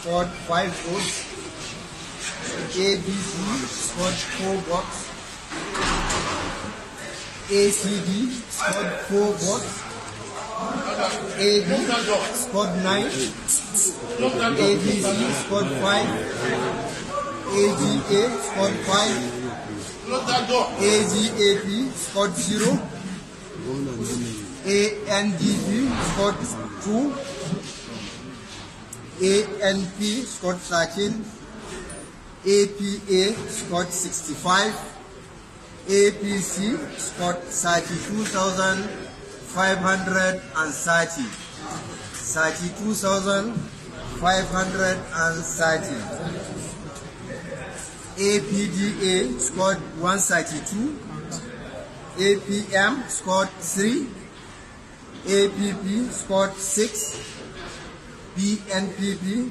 scored five goals. ABC scored four C, ACD scored four goals. AB scored nine. ABC scored five. AGA scored five. AGAP scored zero. ANDB scored 2. ANP scored 13, APA scored 65, APC scored 32,530, 32,530. APDA scored 132, APM scored 3, APP scored 6, B N P B.